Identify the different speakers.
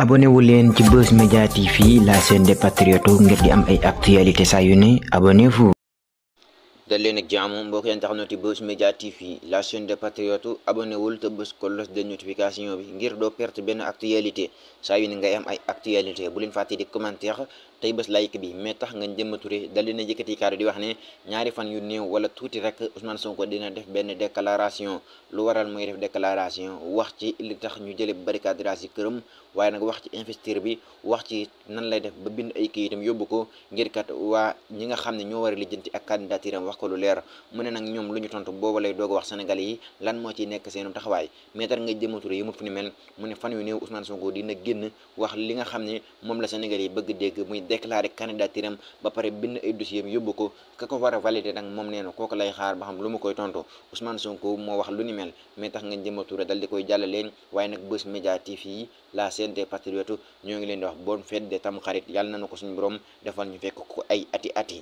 Speaker 1: abonné wu leen ci Buzz Media TV la chaîne des patriotes ngir di am ay actualité saa yu ne dal leen ak jàmm mbokk yi internet yi Buzz Media TV la chaîne de patriote abonné te bës cloche de notification bi ngir doo perte benn actualité saa yu ne ngay am ay actualité bu leen fàtte di commentaire tey bés like bi mais tax nga Demba Touré dal leen a yëkkati kàddu di wax ne ñaari fan yu néew wala tuuti rek Ousmane ko dina def benn déclaration lu waral muy def déclaration wax ci li tax ñu jële barricade ci këram waaye nag wax ci investir bi wax ci nan lay def ba bind ay kayitam yóbbu ko ngir kat waa ñi nga xam ne ñoo war a lijjanti ak candidature am wax ko lu leer mu ne nag ñoom lu ñu tontu booba lay doog a wax sénégalais yi lan moo ciy nekk seenum taxawaay mais nga jëmature yi mu fu ni mel mu ne fan yu dina génn wax li nga xam ne moom la sénégalais yi bëgg dégg muy déclaré candidature am ba pare bind ay dossier yóbbu ko ka ko war a valider nag moom nee na kooku lay xaar ba xam lu mu koy tontu Ousmane Sonko moo wax lu ni mel mais tax nga jëmature dal di koy jàllaleen waaye nag Buzz Media TV yi la chaîne des patriotes ñoo ngi leen di wax bonne fête de Tamxarit yàlla na na ko suñu borom defal ñu fekk ko ay ati ati